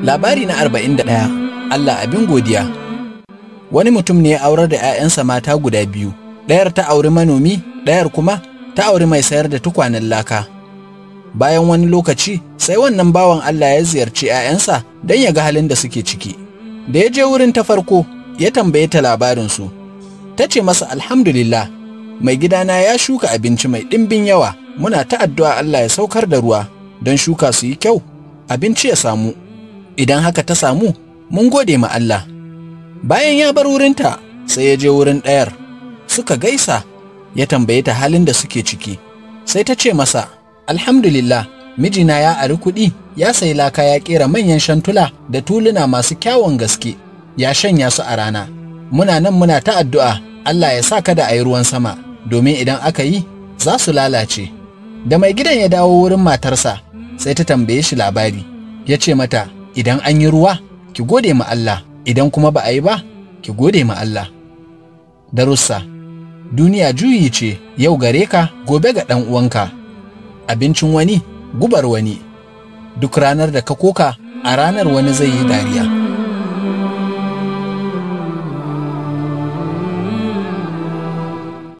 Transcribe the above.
Labari na arba'in da ɗaya. Allah abin godiya. Wani mutum ne ya aurar da 'ya'yansa mata guda biyu, ɗayar ta auri manomi, ɗayar kuma ta auri mai sayar da tukwanen laka. Bayan wani lokaci, sai wannan bawan Allah ya ziyarci 'ya'yansa don ya ga halin da suke ciki. Da ya je wurin ta farko, ya tambaye ta labarinsu. Ta ce masa alhamdulillah, mai gidana ya shuka abinci mai ɗimbin yawa, muna ta addu'a Allah ya saukar da ruwa don shuka su yi kyau, abinci ya samu. idan haka ta samu mun gode ma Allah bayan ya bar wurinta sai ya je wurin ɗayar suka gaisa ya tambaye ta halin da suke ciki sai ta ce masa alhamdulillah mijina ya ari kuɗi ya sayi laka ya ƙera manyan shantula da tuluna masu kyawun gaske ya shanya su a rana muna nan muna ta addu'a Allah ya sa kada a yi ruwan sama domin idan aka yi za su lalace da mai gidan ya dawo wurin matarsa sai ta tambaye shi labari ya ce mata idan an yi ruwa ki gode ma Allah idan kuma ba a yi ba ki gode ma Allah darussa duniya juyi ce yau gare ka gobe ga ɗan uwanka abincin wani gubar wani duk ranar da ka koka a ranar wani zai yi dariya